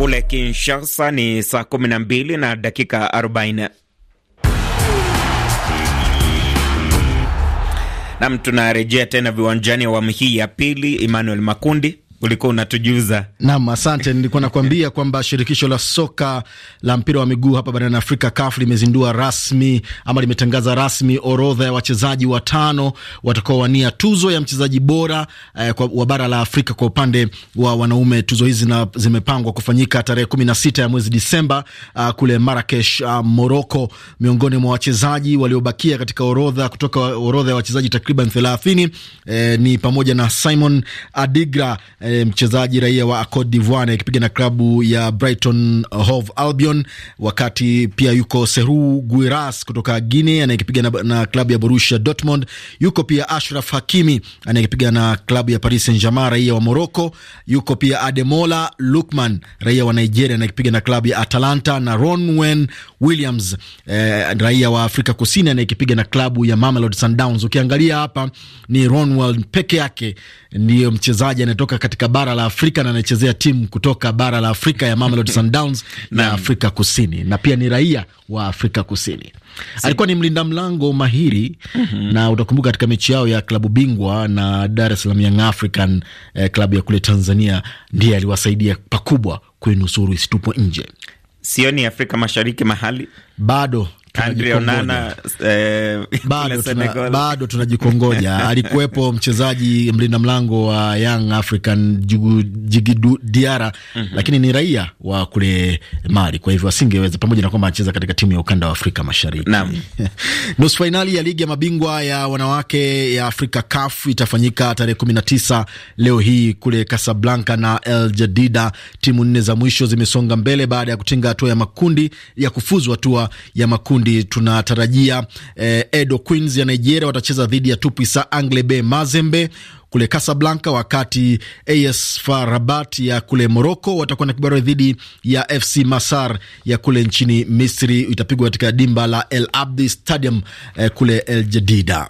kule Kinshasa ni saa 12 na dakika 40. Nam, tunarejea tena viwanjani awamu hii ya pili. Emmanuel Makundi ulikuwa unatujuza. Naam, asante. Nilikuwa nakwambia kwamba shirikisho la soka la mpira wa miguu hapa barani Afrika, CAF, limezindua rasmi ama limetangaza rasmi orodha ya wachezaji watano watakaowania tuzo ya mchezaji bora eh, kwa, wa bara la Afrika kwa upande wa wanaume. Tuzo hizi na zimepangwa kufanyika tarehe kumi na sita ya mwezi Disemba uh, kule Marakesh, uh, ah, Moroko. Miongoni mwa wachezaji waliobakia katika orodha kutoka orodha ya wachezaji takriban thelathini eh, ni pamoja na Simon Adigra eh, e, mchezaji raia wa Cote d'Ivoire akipiga na klabu ya Brighton Hove Albion, wakati pia yuko Seru Guiras kutoka Guinea anayekipiga na, na klabu ya Borussia Dortmund. Yuko pia Ashraf Hakimi anayekipiga na klabu ya Paris Saint-Germain, raia wa Morocco. Yuko pia Ademola Lukman raia wa Nigeria anayekipiga na klabu ya Atalanta na Ronwen Williams eh, raia wa Afrika Kusini anayekipiga na klabu ya Mamelodi Sundowns. Ukiangalia hapa ni Ronwen peke yake ndiyo mchezaji anayetoka katika katika bara la Afrika na anachezea timu kutoka bara la Afrika ya Mamelodi Sundowns na Afrika Kusini, na pia ni raia wa Afrika Kusini. Alikuwa ni mlinda mlango mahiri mm -hmm. na utakumbuka katika mechi yao ya klabu bingwa na Dar es Salaam Young African eh, klabu ya kule Tanzania, ndiye aliwasaidia pakubwa kuinusuru isitupwe nje. Sioni Afrika Mashariki mahali bado Eh, bado, tuna, bado tunajikongoja. Alikuwepo mchezaji mlinda mlango wa Young African Jigidu Diara mm -hmm. Lakini ni raia wa kule Mali, kwa hivyo asingeweza, pamoja na kwamba anacheza katika timu ya ukanda wa Afrika Mashariki. Nusu fainali ya ligi ya mabingwa ya wanawake ya Afrika CAF itafanyika tarehe kumi na tisa leo hii kule Casablanca na El Jadida. Timu nne za mwisho zimesonga mbele baada ya kutinga hatua ya makundi ya kufuzu hatua ya makundi kundi tunatarajia eh, Edo Queens ya Nigeria watacheza dhidi ya Tupisa Anglebe Mazembe kule Casablanca, wakati AS FAR Rabat ya kule Morocco watakuwa na kibarua dhidi ya FC Masar ya kule nchini Misri. Itapigwa katika dimba la El Abdi Stadium eh, kule El Jadida.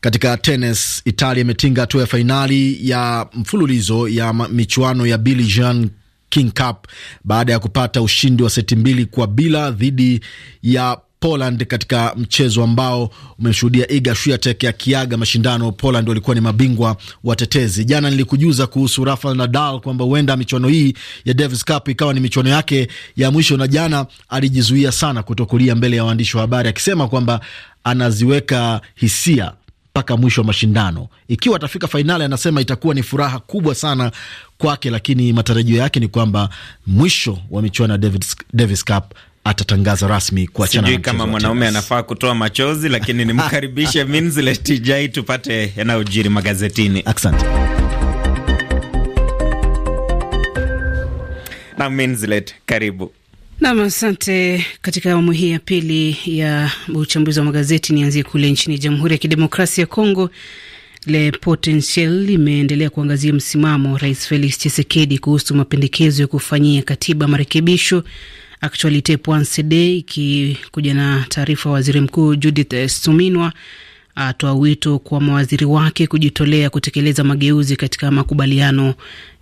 Katika tenis, Italia imetinga hatua ya fainali ya mfululizo ya michuano ya Billie Jean King Cup baada ya kupata ushindi wa seti mbili kwa bila dhidi ya Poland katika mchezo ambao umemshuhudia Iga Swiatek akiaga mashindano. Poland walikuwa ni mabingwa watetezi. Jana nilikujuza kuhusu Rafael Nadal kwamba huenda michuano hii ya Davis Cup ikawa ni michuano yake ya mwisho, na jana alijizuia sana kutokulia mbele ya waandishi wa habari akisema kwamba anaziweka hisia mpaka mwisho wa mashindano. Ikiwa atafika fainali, anasema itakuwa ni furaha kubwa sana kwake, lakini matarajio yake ni kwamba mwisho wa michuano ya Davis, Davis Cup atatangaza rasmi kuachana. Sijui kama mwanaume anafaa kutoa machozi, lakini nimkaribishe Minzlet tupate yanayojiri magazetini. Asante. Na Minzlet, karibu. Nam, asante. Katika awamu hii ya pili ya uchambuzi wa magazeti, nianzie kule nchini Jamhuri ya Kidemokrasia ya Kongo. Le Potentiel imeendelea kuangazia msimamo wa Rais Felix Tshisekedi kuhusu mapendekezo ya kufanyia katiba marekebisho. Actualite CD ikikuja na taarifa ya waziri mkuu Judith Suminwa atoa wito kwa mawaziri wake kujitolea kutekeleza mageuzi katika makubaliano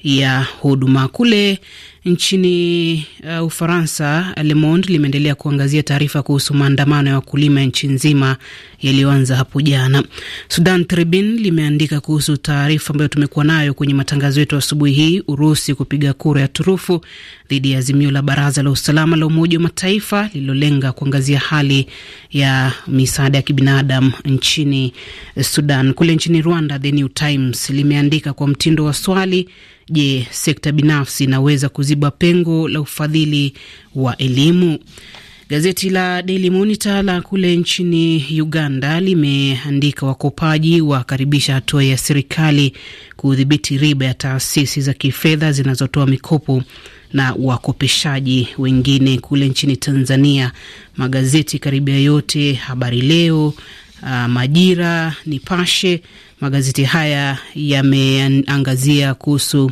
ya huduma. Kule nchini uh, Ufaransa, Le Monde limeendelea kuangazia taarifa kuhusu maandamano ya wakulima nchi nzima yaliyoanza hapo jana. Sudan Tribune limeandika kuhusu taarifa ambayo tumekuwa nayo kwenye matangazo yetu asubuhi hii, Urusi kupiga kura ya turufu dhidi ya azimio la Baraza la Usalama la Umoja wa Mataifa lililolenga kuangazia hali ya misaada ya kibinadamu nchini Sudan. Kule nchini Rwanda, The New Times limeandika kwa mtindo wa swali Je, sekta binafsi inaweza kuziba pengo la ufadhili wa elimu? Gazeti la Daily Monitor la kule nchini Uganda limeandika wakopaji wakaribisha hatua ya serikali kudhibiti riba ya taasisi za kifedha zinazotoa mikopo na wakopeshaji wengine. Kule nchini Tanzania, magazeti karibia yote, Habari Leo, uh, Majira, Nipashe Magazeti haya yameangazia kuhusu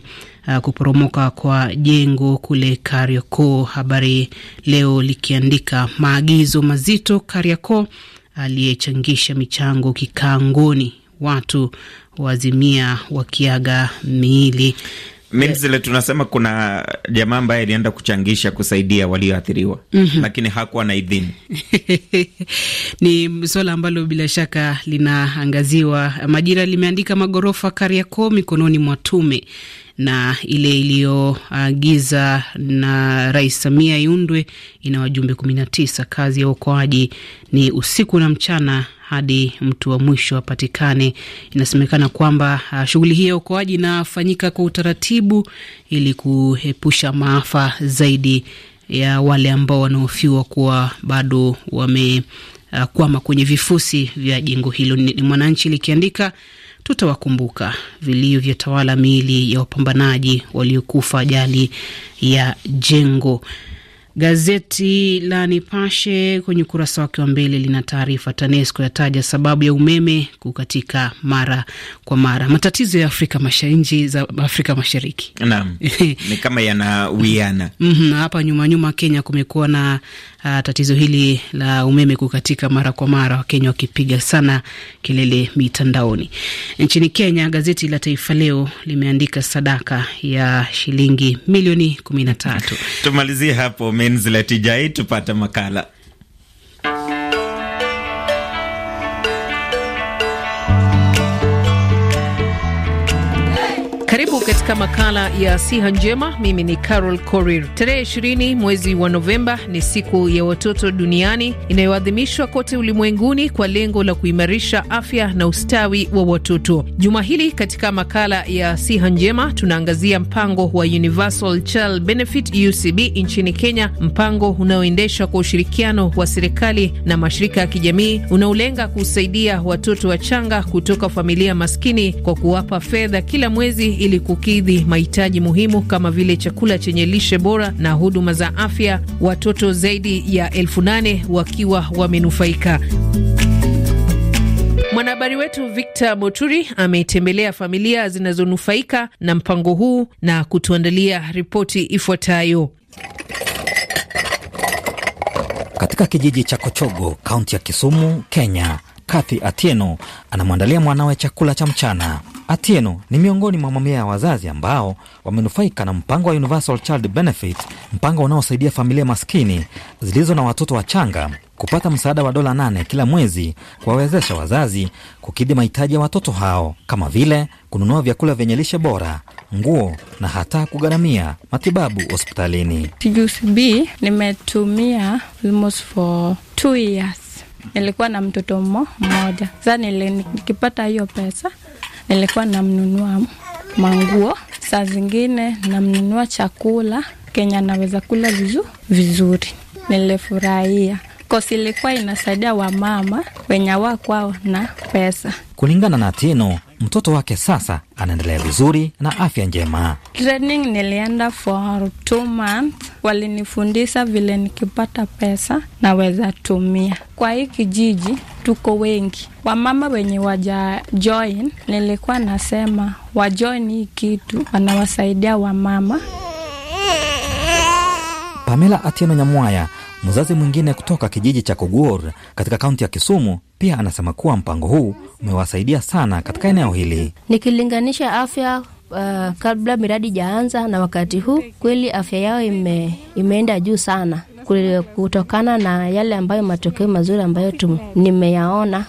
Uh, kuporomoka kwa jengo kule Kariakoo. Habari Leo likiandika maagizo mazito Kariakoo, aliyechangisha michango kikangoni, watu wazimia wakiaga miili. Minzile, tunasema kuna jamaa ambaye alienda kuchangisha kusaidia walioathiriwa mm -hmm. Lakini hakuwa na idhini ni suala ambalo bila shaka linaangaziwa. Majira limeandika magorofa Kariakoo mikononi mwa tume na ile iliyoagiza na Rais Samia iundwe ina wajumbe tisa. Kazi ya uokoaji ni usiku na mchana hadi mtu wa mwisho apatikane. Inasemekana kwamba ah, shughuli hii ya uokoaji inafanyika kwa utaratibu ili kuepusha maafa zaidi ya wale ambao wanaofiwa kuwa bado wamekwama ah, kwenye vifusi vya jengo hilo. Ni Mwananchi likiandika tutawakumbuka. Vilio vyatawala miili ya wapambanaji waliokufa ajali ya jengo. Gazeti la Nipashe kwenye ukurasa wake wa mbele lina taarifa, TANESCO yataja sababu ya umeme kukatika mara kwa mara, matatizo ya Afrika Mashariki, za Afrika Mashariki. Naam, ni kama yanawiana. mm -hmm, hapa nyuma nyuma Kenya kumekuwa na uh, tatizo hili la umeme kukatika mara kwa mara, Wakenya wakipiga sana kelele mitandaoni. Nchini Kenya, gazeti la Taifa Leo limeandika sadaka ya shilingi milioni kumi na tatu. Tumalizie hapo, Minzileti Jai, tupate makala katika makala ya siha njema. Mimi ni Carol Korir. Tarehe ishirini mwezi wa Novemba ni siku ya watoto duniani inayoadhimishwa kote ulimwenguni kwa lengo la kuimarisha afya na ustawi wa watoto. Juma hili katika makala ya siha njema tunaangazia mpango wa Universal Child Benefit UCB nchini Kenya, mpango unaoendeshwa kwa ushirikiano wa serikali na mashirika ya kijamii unaolenga kusaidia watoto wachanga kutoka familia maskini kwa kuwapa fedha kila mwezi ili kuki kukidhi mahitaji muhimu kama vile chakula chenye lishe bora na huduma za afya, watoto zaidi ya elfu nane wakiwa wamenufaika. Mwanahabari wetu Victor Moturi ametembelea familia zinazonufaika na mpango huu na kutuandalia ripoti ifuatayo. Katika kijiji cha Kochogo, kaunti ya Kisumu, Kenya, Kathy Atieno anamwandalia mwanawe chakula cha mchana. Atieno ni miongoni mwa mamia ya wazazi ambao wamenufaika na mpango wa Universal Child Benefit, mpango unaosaidia familia maskini zilizo na watoto wachanga kupata msaada wa dola nane kila mwezi kuwawezesha wazazi kukidhi mahitaji ya watoto hao kama vile kununua vyakula vyenye lishe bora, nguo na hata kugharamia matibabu hospitalini. TUCB nimetumia almost for two years nilikuwa na mtoto mmoja. Sasa nikipata hiyo pesa nilikuwa namnunua manguo, saa zingine namnunua chakula Kenya naweza kula vizu, vizuri. Nilifurahia kosi ilikuwa inasaidia wamama wenye wakwao na pesa. Kulingana na Tino, Mtoto wake sasa anaendelea vizuri na afya njema. Training nilienda for two months, walinifundisha vile nikipata pesa naweza tumia. Kwa hii kijiji tuko wengi wamama wenye waja join, nilikuwa nasema wajoin hii kitu, wanawasaidia wamama. Pamela Atieno Nyamwaya Mzazi mwingine kutoka kijiji cha Koguor katika kaunti ya Kisumu pia anasema kuwa mpango huu umewasaidia sana katika eneo hili. Nikilinganisha afya uh, kabla miradi jaanza na wakati huu, kweli afya yao ime, imeenda juu sana kutokana na yale ambayo matokeo mazuri ambayo tum, nimeyaona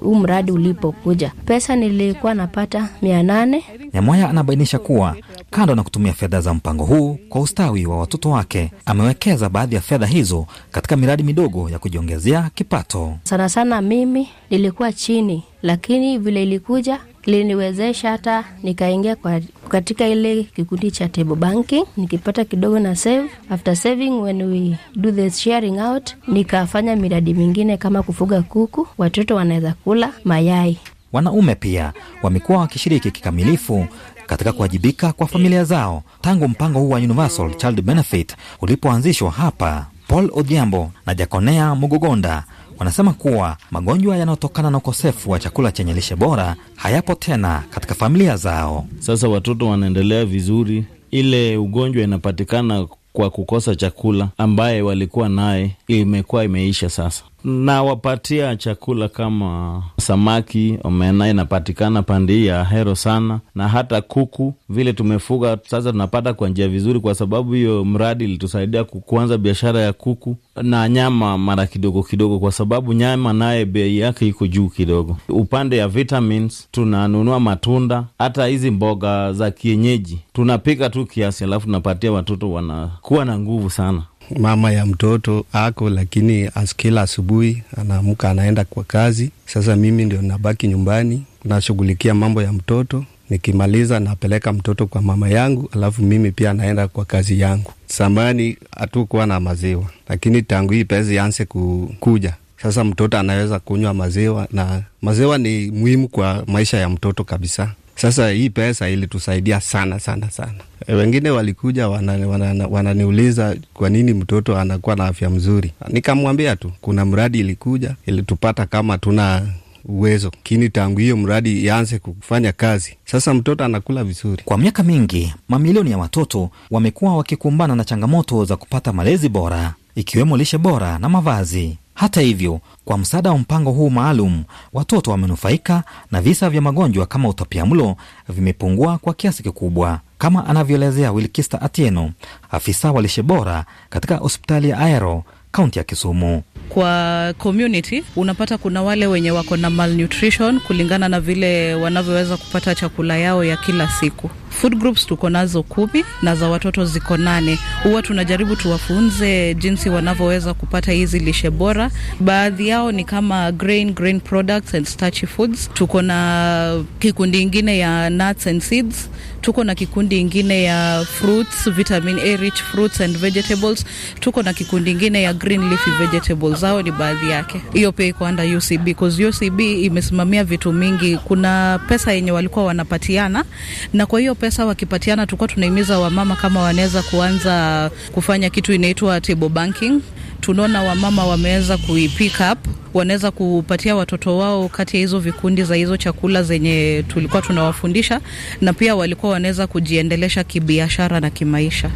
huu mradi ulipokuja. Pesa nilikuwa napata mia nane. Nyamoya anabainisha kuwa Kando na kutumia fedha za mpango huu kwa ustawi wa watoto wake, amewekeza baadhi ya fedha hizo katika miradi midogo ya kujiongezea kipato. Sana sana mimi nilikuwa chini, lakini vile ilikuja liniwezesha hata nikaingia kwa katika ile kikundi cha table banking, nikipata kidogo na save. After saving when we do the sharing out, nikafanya miradi mingine kama kufuga kuku, watoto wanaweza kula mayai. Wanaume pia wamekuwa wakishiriki kikamilifu katika kuwajibika kwa familia zao tangu mpango huu wa Universal Child Benefit ulipoanzishwa hapa. Paul Odhiambo na Jaconea Mugogonda wanasema kuwa magonjwa yanayotokana na ukosefu wa chakula chenye lishe bora hayapo tena katika familia zao. Sasa watoto wanaendelea vizuri. Ile ugonjwa inapatikana kwa kukosa chakula ambaye walikuwa naye imekuwa imeisha sasa nawapatia chakula kama samaki, omena inapatikana pande hii ya Hero sana, na hata kuku vile tumefuga sasa tunapata kwa njia vizuri, kwa sababu hiyo mradi ilitusaidia kuanza biashara ya kuku na nyama mara kidogo kidogo, kwa sababu nyama naye bei yake iko juu kidogo. Upande ya vitamins tunanunua matunda, hata hizi mboga za kienyeji tunapika tu kiasi, alafu tunapatia watoto, wanakuwa na nguvu sana mama ya mtoto ako, lakini askila asubuhi anaamka anaenda kwa kazi. Sasa mimi ndio nabaki nyumbani, nashughulikia mambo ya mtoto. Nikimaliza napeleka mtoto kwa mama yangu, alafu mimi pia naenda kwa kazi yangu. Samani hatukuwa na maziwa, lakini tangu hii pesa ianze kukuja sasa, mtoto anaweza kunywa maziwa, na maziwa ni muhimu kwa maisha ya mtoto kabisa. Sasa hii pesa ilitusaidia sana sana sana. E, wengine walikuja wananiuliza wana, wana kwa nini mtoto anakuwa na afya mzuri. Nikamwambia tu kuna mradi ilikuja ilitupata kama tuna uwezo lakini tangu hiyo mradi ianze kufanya kazi, sasa mtoto anakula vizuri. Kwa miaka mingi, mamilioni ya watoto wamekuwa wakikumbana na changamoto za kupata malezi bora ikiwemo lishe bora na mavazi. Hata hivyo, kwa msaada wa mpango huu maalum, watoto wamenufaika na visa vya magonjwa kama utapiamlo vimepungua kwa kiasi kikubwa, kama anavyoelezea Wilkista Atieno, afisa wa lishe bora katika hospitali ya Aero kaunti ya Kisumu. Kwa community unapata kuna wale wenye wako na malnutrition kulingana na vile wanavyoweza kupata chakula yao ya kila siku Food groups tuko nazo kumi na za watoto ziko nane. Huwa tunajaribu tuwafunze jinsi wanavyoweza kupata hizi lishe bora. Baadhi yao ni kama grain, grain products and starchy foods. Tuko na kikundi ingine ya nuts and seeds. Tuko na kikundi ingine ya fruits, vitamin A rich fruits and vegetables. Tuko na kikundi ingine ya green leafy vegetables. Hao ni baadhi yake. Hiyo pia iko under UCB because UCB imesimamia vitu mingi. Kuna pesa yenye walikuwa wanapatiana na kwa hiyo pesa wakipatiana, tulikuwa tunahimiza wamama kama wanaweza kuanza kufanya kitu inaitwa table banking. Tunaona wamama wameweza kuipick up, wanaweza kupatia watoto wao kati ya hizo vikundi za hizo chakula zenye tulikuwa tunawafundisha, na pia walikuwa wanaweza kujiendelesha kibiashara na kimaisha.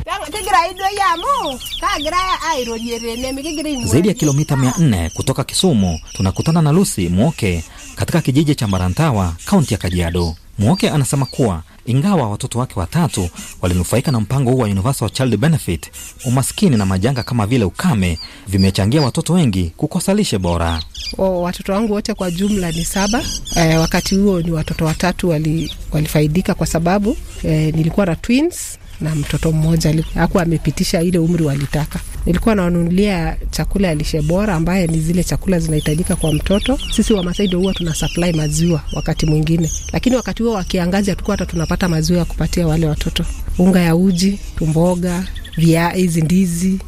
Zaidi ya kilomita mia nne kutoka Kisumu tunakutana na Lucy Mwoke katika kijiji cha Marantawa, kaunti ya Kajiado. Mwoke anasema kuwa ingawa watoto wake watatu walinufaika na mpango huu wa Universal Child Benefit, umaskini na majanga kama vile ukame vimechangia watoto wengi kukosa lishe bora. O, watoto wangu wote kwa jumla ni saba. E, wakati huo ni watoto watatu wali, walifaidika kwa sababu e, nilikuwa na twins na mtoto mmoja aku amepitisha ile umri walitaka. Nilikuwa nawanunulia chakula ya lishe bora, ambaye ni zile chakula zinahitajika kwa mtoto. Sisi Wamasai ndio huwa tuna supply maziwa wakati mwingine, lakini wakati huo wakiangazi hatukuwa hata tunapata maziwa ya kupatia wale watoto, unga ya uji, tumboga, via hizi ndizi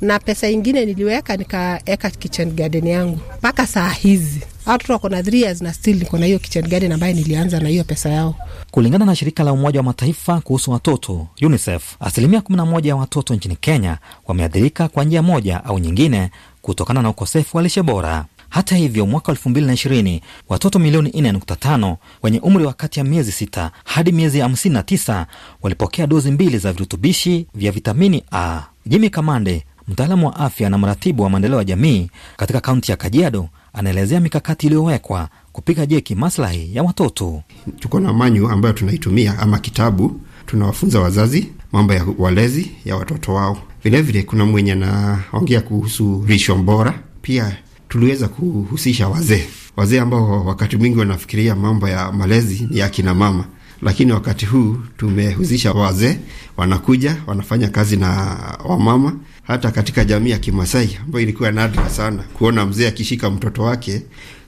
na pesa ingine niliweka nikaeka kitchen garden yangu mpaka saa hizi watoto wako na three years na still niko na hiyo kitchen garden ambayo nilianza na hiyo pesa yao. Kulingana na shirika la Umoja wa Mataifa kuhusu watoto UNICEF, asilimia 11 ya watoto nchini Kenya wameathirika kwa njia moja au nyingine kutokana na ukosefu wa lishe bora. Hata hivyo mwaka 2020 watoto milioni 4.5 wenye umri wa kati ya miezi sita hadi miezi 59 walipokea dozi mbili za virutubishi vya vitamini A. Jimmy Kamande Mtaalamu wa afya na mratibu wa maendeleo ya jamii katika kaunti ya Kajiado anaelezea mikakati iliyowekwa kupiga jeki maslahi ya watoto. Tuko na manyu ambayo tunaitumia ama kitabu, tunawafunza wazazi mambo ya walezi ya watoto wao. Vilevile kuna mwenye anaongea kuhusu risho mbora Pia tuliweza kuhusisha wazee, wazee ambao wakati mwingi wanafikiria mambo ya malezi ni ya kina mama lakini wakati huu tumehusisha wazee, wanakuja wanafanya kazi na wamama, hata katika jamii ya Kimasai ambayo ilikuwa nadra sana kuona mzee akishika mtoto wake.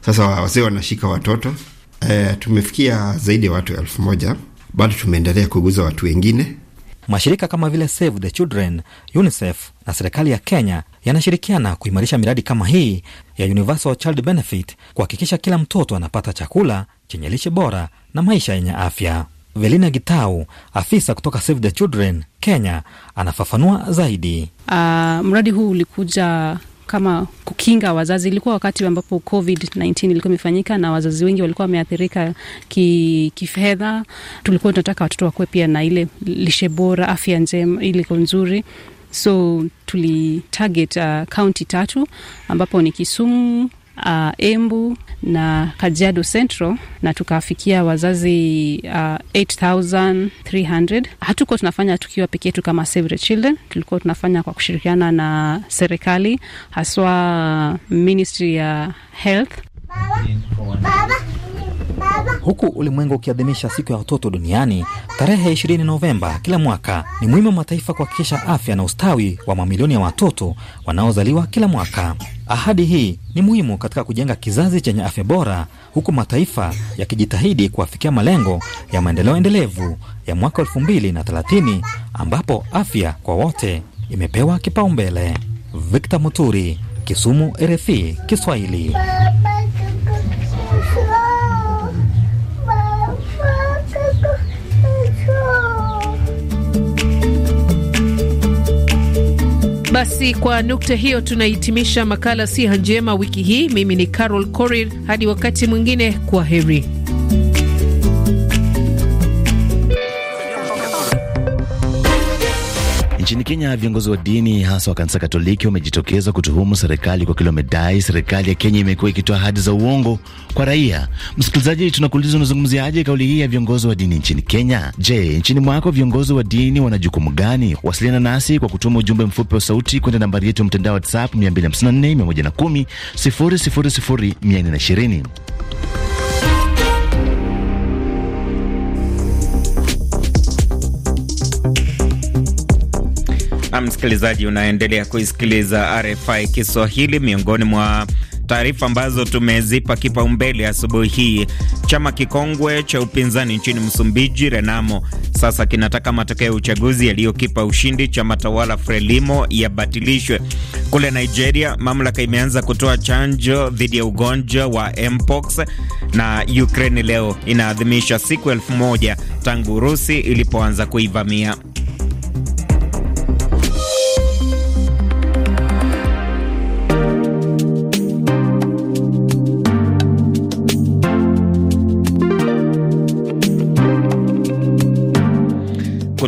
Sasa wazee wanashika watoto e, tumefikia zaidi ya watu elfu moja. Bado tumeendelea kuguza watu wengine. Mashirika kama vile Save the Children, UNICEF na serikali ya Kenya yanashirikiana kuimarisha miradi kama hii ya Universal Child Benefit kuhakikisha kila mtoto anapata chakula chenye lishe bora na maisha yenye afya. Velina Gitau, afisa kutoka Save the Children Kenya, anafafanua zaidi. Uh, mradi huu ulikuja kama kukinga wazazi. Ilikuwa wakati ambapo COVID-19 ilikuwa imefanyika na wazazi wengi walikuwa wameathirika ki, kifedha. Tulikuwa tunataka watoto wakuwe pia na ile lishe bora, afya njema iliko nzuri so tulitarget uh, ah, kaunti tatu ambapo ni Kisumu, uh, Embu na Kajiado Central na tukafikia wazazi uh, 8300. Hatukuwa tunafanya tukiwa peke yetu kama Save the Children, tulikuwa tunafanya kwa kushirikiana na serikali haswa Ministry ya Health Baba. Baba. Huku ulimwengu ukiadhimisha siku ya watoto duniani tarehe 20 Novemba kila mwaka, ni muhimu wa mataifa kuhakikisha afya na ustawi wa mamilioni ya watoto wanaozaliwa kila mwaka. Ahadi hii ni muhimu katika kujenga kizazi chenye afya bora, huku mataifa yakijitahidi kuafikia malengo ya maendeleo endelevu ya mwaka 2030 ambapo afya kwa wote imepewa kipaumbele. Victor Muturi, Kisumu, RFI Kiswahili. Basi kwa nukta hiyo tunahitimisha makala siha njema wiki hii. Mimi ni Carol Corir, hadi wakati mwingine, kwa heri. Nchini Kenya, viongozi wa dini hasa wa kanisa Katoliki wamejitokeza kutuhumu serikali kwa kile wamedai serikali ya Kenya imekuwa ikitoa ahadi za uongo kwa raia. Msikilizaji, tunakuuliza unazungumziaje kauli hii ya viongozi wa dini nchini Kenya? Je, nchini mwako viongozi wa dini wana jukumu gani? Wasiliana nasi kwa kutuma ujumbe mfupi wa sauti kwenda nambari yetu ya mtandao WhatsApp 254 110 000 420. msikilizaji, unaendelea kuisikiliza RFI Kiswahili. Miongoni mwa taarifa ambazo tumezipa kipaumbele asubuhi hii, chama kikongwe cha upinzani nchini Msumbiji, Renamo, sasa kinataka matokeo ya uchaguzi yaliyokipa ushindi chama tawala Frelimo yabatilishwe. Kule Nigeria, mamlaka imeanza kutoa chanjo dhidi ya ugonjwa wa mpox, na Ukraine leo inaadhimisha siku elfu moja tangu Urusi ilipoanza kuivamia.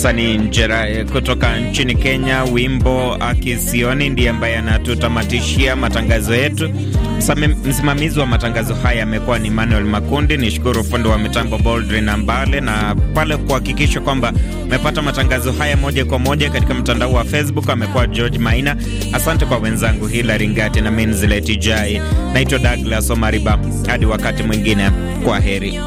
msanii Njera eh, kutoka nchini Kenya, wimbo Akisioni ndiye ambaye anatutamatishia matangazo yetu. Msimamizi wa matangazo haya amekuwa ni Manuel Makundi. Ni shukuru fundi wa mitambo Boldrin Ambale, na pale kuhakikisha kwamba umepata matangazo haya moja kwa moja katika mtandao wa Facebook amekuwa George Maina. Asante kwa wenzangu Hilari Ngati na Minzileti Jai. Naitwa Douglas Omariba, hadi wakati mwingine, kwa heri.